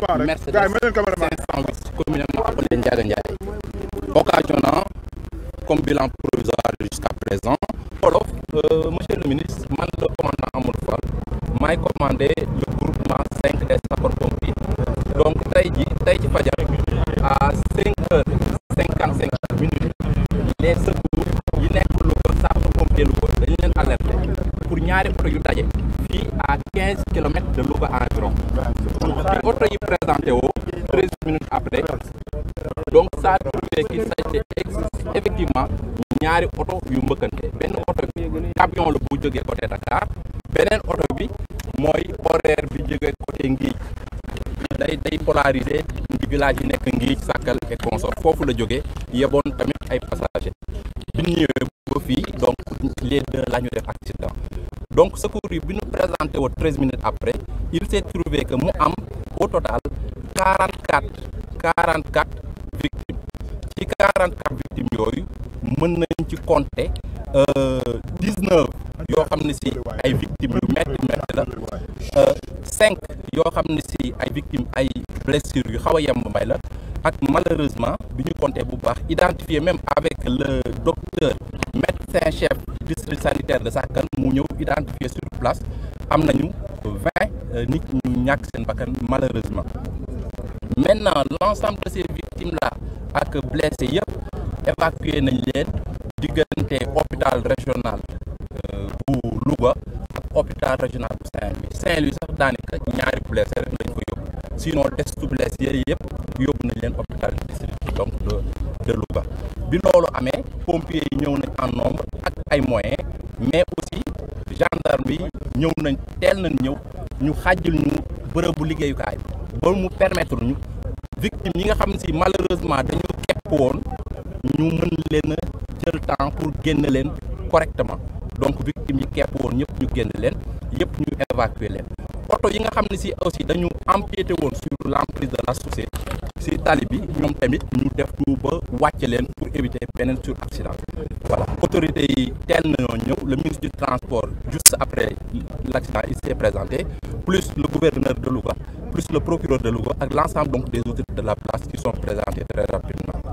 Mercedes 508 communément appelée Ndiaga Ndiaye occasionnant comme bilan provisoire jusqu'à présent wolof euh, monsieur le ministre man le commandant Amadou Fall maay commandé le groupement 5 des sapeurs-pompiers donc tey ji tey ci fajar à 5 heures 55 minutes les secours yi nekk Louga sapeurs-pompiers Louga dañu leen alerté pour ñaari projet yu daje fii à quinze kilomètres de Louga environ yi présenté minutes après donc ça prouve qu'il s'agit effectivement ñaari oto yu mbëkkante benn oto bi camion bu jógee côté Dakar beneen oto bi mooy horaire bi jógee côté Ngij day day polariser village yi nekk Ngij Sakal et foofu la jógee yeboon tamit ay passagers bi ñëwee ba fii donc les deux la def accident donc secours yi bi ñu présenté woo treize minutes après il s'est trouvé que mu am au total quarante quatre quarante quatre victimes ci quarante quatre victimes yooyu mën nañ ci compter euh, dix yoo xam ne si ay victimes yu metti metti la euh, cinq yoo xam ne ay victimes ay blessures yu xaw a yemb mbay la ak malheureusement bi ñu compter bu baax identifié même avec le docteur médecin chef district sanitaire de Sakkan mu ñëw identifié sur place am nañu vingt euh, nit ñu ñàkk seen bakkan malheureusement maintenant l'ensemble de ces victimes là ak blessés yëpp évacué nañ leen diggante hôpital régional euh, bu Louga ak hôpital régional bu Saint-Louis Saint-Louis sax daanaka ñaari blessé rek lañ ko yóbbu sinon testu blessé yëpp yóbbu nañ leen hôpital district donc de Louga bi loolu amee pompiers yi ñëw nañ en nombre ay moyens mais aussi gendarme bi ñëw nañ teel nañ ñëw ñu xàjjil ñu bërëbu liggéeyukaay ba mu permettre ñu victime yi nga xam si malheureusement dañu kepp woon ñu mën leen jël temps pour génn leen correctement donc victime yi kepp woon ñëpp ñu génn leen yëpp ñu évacuer leen oto yi nga xam ne si aussi dañu empiété woon sur l'emprise de la société si tali bi ñoom tamit ñu def tout ba wàcce leen pour éviter beneen sur accident voilà autorité yi teel nañoo ñëw le ministre du transport juste après l'accident il s'est présenté plus le gouverneur de Louga plus le procureur de Louga ak l'ensemble donc des autorités de la place qui sont présentées très rapidement